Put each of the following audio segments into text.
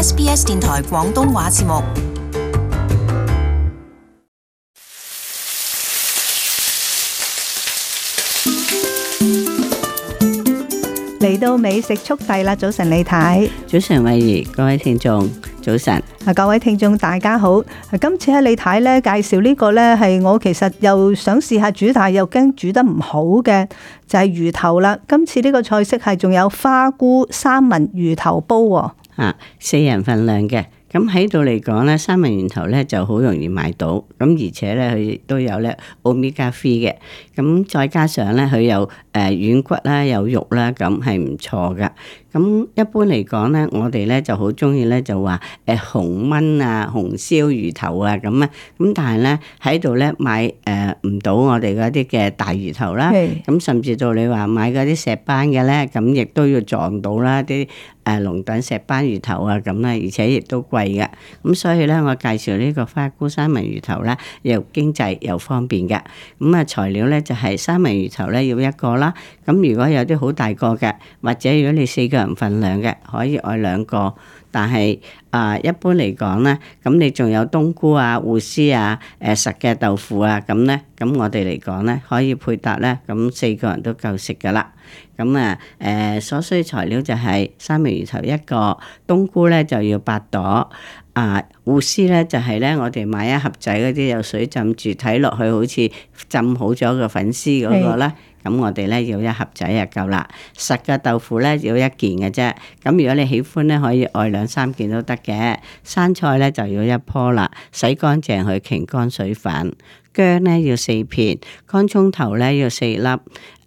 SBS 電台廣東話節目，嚟到美食速遞啦！早晨李太，早晨慧怡，各位聽眾，早晨。啊，各位聽眾大家好。今次喺李太咧介紹呢個咧，係我其實又想試下煮大，但係又驚煮得唔好嘅，就係、是、魚頭啦。今次呢個菜式係仲有花菇三文魚頭煲。啊，四人份量嘅，咁喺度嚟講，三文魚頭咧就好容易買到，咁而且呢，佢都有 o 咧奧米加三嘅，咁再加上呢，佢有。誒、呃、軟骨啦、啊，有肉啦、啊，咁係唔錯噶。咁一般嚟講咧，我哋咧就好中意咧就話誒紅炆啊、紅燒魚頭啊咁啊。咁但係咧喺度咧買誒唔到我哋嗰啲嘅大魚頭啦。咁是甚至到你話買嗰啲石斑嘅咧，咁亦都要撞到啦啲誒龍躉石斑魚頭啊咁啦，而且亦都貴嘅。咁所以咧，我介紹呢個花菇三文魚頭啦，又經濟又方便嘅。咁啊，材料咧就係、是、三文魚頭咧要一個。啦，咁如果有啲好大個嘅，或者如果你四個人份量嘅，可以愛兩個，但係啊、呃，一般嚟講咧，咁你仲有冬菇啊、芋絲啊、誒、呃、實嘅豆腐啊，咁咧。咁我哋嚟講咧，可以配搭咧，咁四個人都夠食㗎啦。咁啊，誒、呃、所需材料就係、是、三味魚頭一個，冬菇咧就要八朵，啊，芋絲咧就係咧，我哋買一盒仔嗰啲有水浸住，睇落去好似浸好咗個粉絲嗰個啦。咁是我哋咧要一盒仔就夠啦。實嘅豆腐咧要一件嘅啫。咁如果你喜歡咧，可以愛兩三件都得嘅。生菜咧就要一棵啦，洗乾淨佢擎乾水粉，薑咧要。四片乾蔥頭咧要四粒。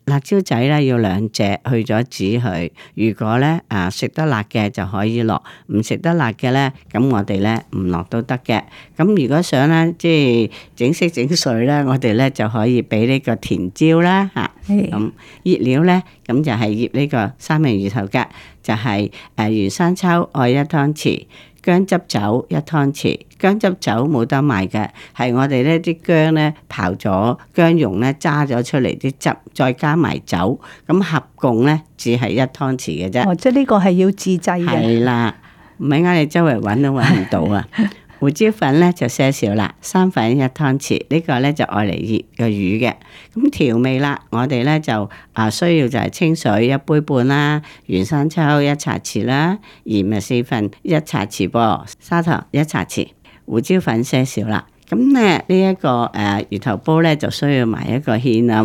辣椒仔咧要兩隻去咗籽佢。如果咧啊食得辣嘅，就可以落，唔食得辣嘅咧，咁我哋咧唔落都得嘅。咁如果想咧即係整色整水咧，我哋咧就可以俾呢個甜椒啦吓。咁醃是料咧，咁就係醃呢個三文魚頭嘅，就係誒生抽愛一湯匙。薑汁酒一湯匙，薑汁酒冇得賣嘅，係我哋呢啲薑呢刨咗薑蓉呢揸咗出嚟啲汁，再加埋酒，咁合共呢只係一湯匙嘅啫。哦，即係呢個係要自製嘅。係啦，唔係嗌你周圍揾都揾唔到啊。 胡椒粉咧就少少啦，生粉一湯匙，呢、這個咧就愛嚟醃個魚嘅。咁調味啦，我哋咧就、啊、需要就係清水一杯半啦，原生抽一茶匙啦，鹽啊四分一茶匙噃，砂糖一茶匙，胡椒粉少少啦。咁咧呢一個誒魚頭煲咧就需要埋一個芡啦。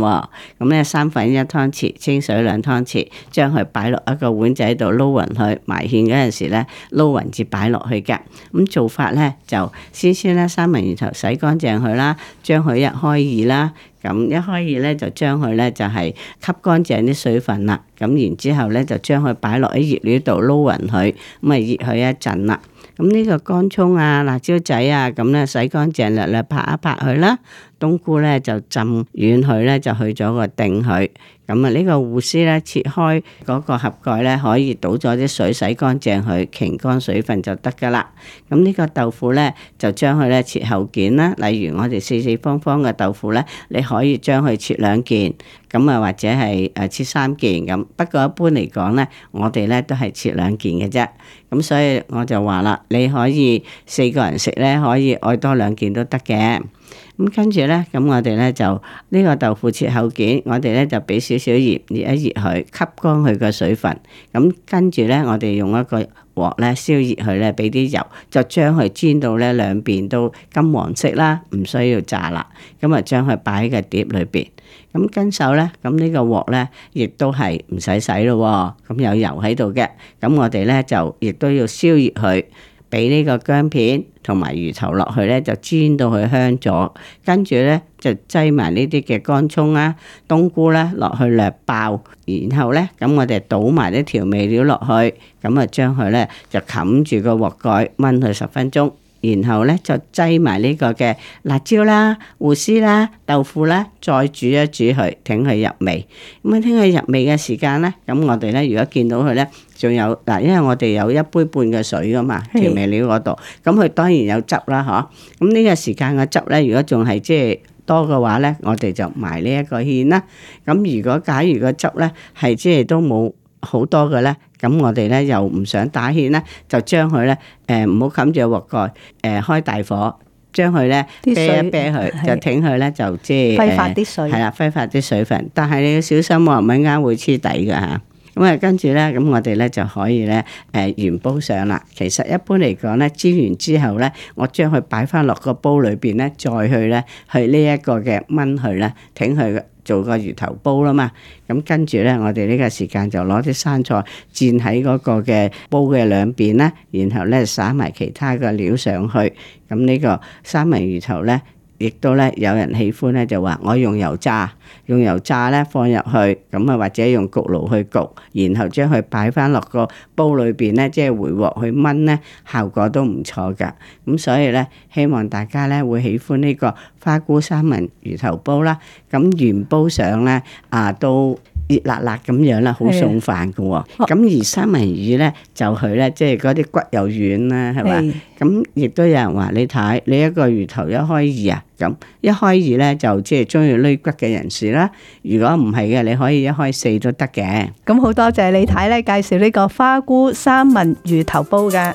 咁、嗯、咧三分一湯匙，清水兩湯匙，將佢擺落一個碗仔度撈匀佢，埋芡嗰陣時咧撈匀至擺落去嘅。咁、嗯、做法咧就先先咧三文魚頭洗乾淨佢啦，將佢一開二啦。咁一開二咧就將佢咧就係、是、吸乾淨啲水分啦。咁然之後咧就將佢擺落喺醃料度撈匀佢，咁啊醃佢一陣啦。咁呢、嗯這個乾葱啊、辣椒仔啊，咁咧洗乾淨啦啦，拍一拍佢啦。冬菇咧就浸軟佢咧，就去咗個頂佢。咁啊，呢個護絲咧，切開嗰個盒蓋咧，可以倒咗啲水洗乾淨佢，擰乾水分就得㗎喇。咁呢個豆腐咧，就將佢咧切厚件啦。例如我哋四四方方嘅豆腐咧，你可以將佢切兩件，咁啊或者係誒、啊、切三件咁。不過一般嚟講咧，我哋咧都係切兩件嘅啫。咁所以我就話啦，你可以四個人食咧，可以愛多兩件都得嘅。咁跟住咧，咁我哋咧就呢、這個豆腐切厚件，我哋咧就俾少少鹽，熱一熱佢，吸乾佢個水分。咁跟住咧，我哋用一個鑊咧燒熱佢咧，俾啲油，就將佢煎到咧兩邊都金黃色啦，唔需要炸啦。咁啊，將佢擺喺個碟裏邊。咁跟手咧，咁、這個、呢個鑊咧亦都係唔使洗咯。咁有油喺度嘅，咁我哋咧就亦都要燒熱佢。俾呢個薑片同埋魚頭落去，呢就煎到佢香咗，跟住呢，就擠埋呢啲嘅乾葱啊、冬菇啦落去略爆，然後呢，咁我哋倒埋啲調味料落去，咁啊將佢呢，就冚住個鍋蓋炆佢十分鐘。然後咧就擠埋呢個嘅辣椒啦、芋絲啦、豆腐啦，再煮一煮佢，等佢入味。咁啊，等佢入味嘅時間咧，咁我哋咧如果見到佢咧，仲有嗱，因為我哋有一杯半嘅水噶嘛，調味料嗰度，咁佢當然有汁啦，嗬、啊。咁呢個時間嘅汁咧，如果仲係即係多嘅話咧，我哋就埋呢一個芡啦。咁如果假如個汁咧係即係都冇。好多嘅咧，咁我哋咧又唔想打芡咧，就將佢咧，誒唔好冚住鑊蓋，誒、呃、開大火，將佢咧啤一啤佢的，就挺佢咧就即、是、係，係啦揮發啲水,、嗯、水分，但係你要小心，唔係一陣會黐底㗎吓。咁啊，跟住咧，咁我哋咧就可以咧，誒，圓煲上啦。其實一般嚟講咧，煎完之後咧，我將佢擺翻落個煲裏邊咧，再去咧，去，去呢一個嘅炆佢咧，挺佢做個魚頭煲啦嘛。咁、嗯、跟住咧，我哋呢個時間就攞啲生菜墊喺嗰個嘅煲嘅兩邊啦，然後咧灑埋其他嘅料上去，咁、嗯、呢、呢個三文魚頭咧。亦都咧有人喜歡咧，就話我用油炸，用油炸咧放入去，咁啊或者用焗爐去焗，然後將佢擺翻落個煲裏邊咧，即係回鑊去燜咧，效果都唔錯㗎。咁所以咧，希望大家咧會喜歡呢個花菇三文魚頭煲啦。咁原煲上咧啊都。熱辣辣咁樣啦，好送飯嘅喎。咁的而三文魚呢，就佢呢，即係嗰啲骨又軟啦，係咪？咁亦都有人話，你睇，你一個魚頭一開二啊，咁一開二呢，就即係中意攞骨嘅人士啦。如果唔係嘅，你可以一開四都得嘅。咁好多謝李太呢，介紹呢個花菇三文魚頭煲嘅。